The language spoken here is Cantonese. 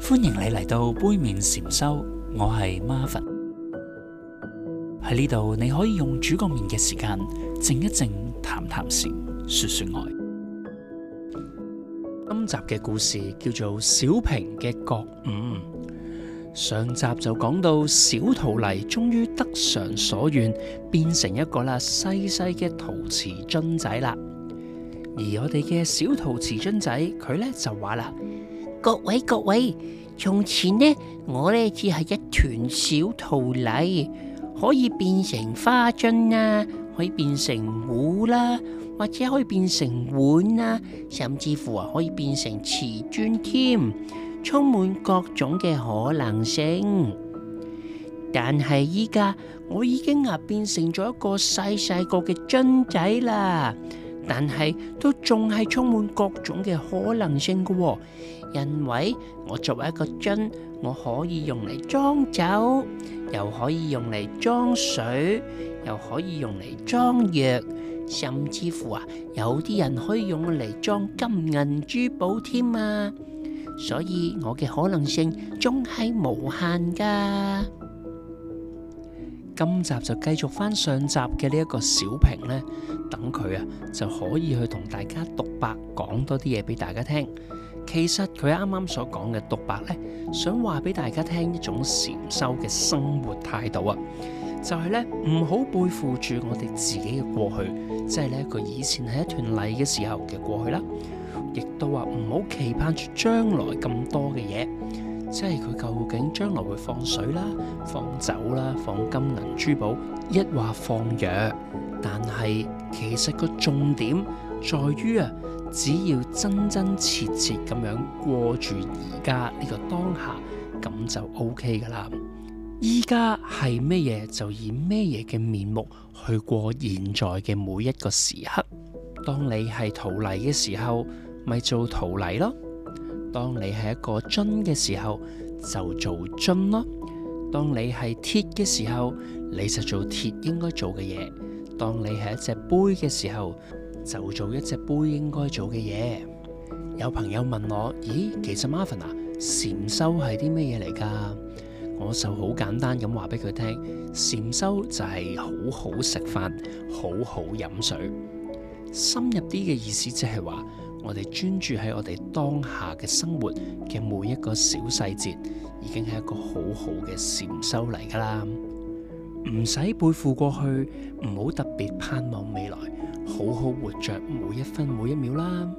歡迎你嚟到杯麵禪修，我係 Marvin 喺呢度，你可以用煮個麵嘅時間靜一靜，談談禪，說說愛。今集嘅故事叫做小瓶嘅覺悟。上集就講到小陶泥終於得償所願，變成一個啦細細嘅陶瓷樽仔啦。而我哋嘅小陶瓷樽仔佢呢就話啦。各位各位，從前呢，我呢只係一團小陶泥，可以變成花樽啊，可以變成壺啦、啊，或者可以變成碗啦、啊，甚至乎啊可以變成瓷磚添，充滿各種嘅可能性。但係依家我已經啊變成咗一個細細個嘅樽仔啦。但係都仲係充滿各種嘅可能性噶喎，因為我作為一個樽，我可以用嚟裝酒，又可以用嚟裝水，又可以用嚟裝藥，甚至乎啊，有啲人可以用嚟裝金銀珠寶添啊！所以我嘅可能性仲係無限噶。今集就繼續翻上集嘅呢一個小瓶咧，等佢啊就可以去同大家獨白，講多啲嘢俾大家聽。其實佢啱啱所講嘅獨白咧，想話俾大家聽一種禪修嘅生活態度啊，就係咧，唔好背負住我哋自己嘅過去，即係咧，佢以前係一段禮嘅時候嘅過去啦，亦都話唔好期盼住將來咁多嘅。即係佢究竟將來會放水啦、放酒啦、放金銀珠寶，一話放藥。但係其實個重點在於啊，只要真真切切咁樣過住而家呢個當下，咁就 OK 噶啦。依家係咩嘢，就以咩嘢嘅面目去過現在嘅每一個時刻。當你係陶泥嘅時候，咪做陶泥咯。當你係一個樽嘅時候，就做樽咯；當你係鐵嘅時候，你就做鐵應該做嘅嘢；當你係一隻杯嘅時候，就做一隻杯應該做嘅嘢。有朋友問我：「咦，其實 Marvin 啊，禪修係啲咩嘢嚟㗎？我就好簡單咁話俾佢聽：禪修就係好好食飯，好好飲水。深入啲嘅意思就係話，我哋專注喺我哋當下嘅生活嘅每一個小細節，已經係一個好好嘅禪修嚟㗎喇。唔使背負過去，唔好特別盼望未來，好好活着每一分每一秒啦。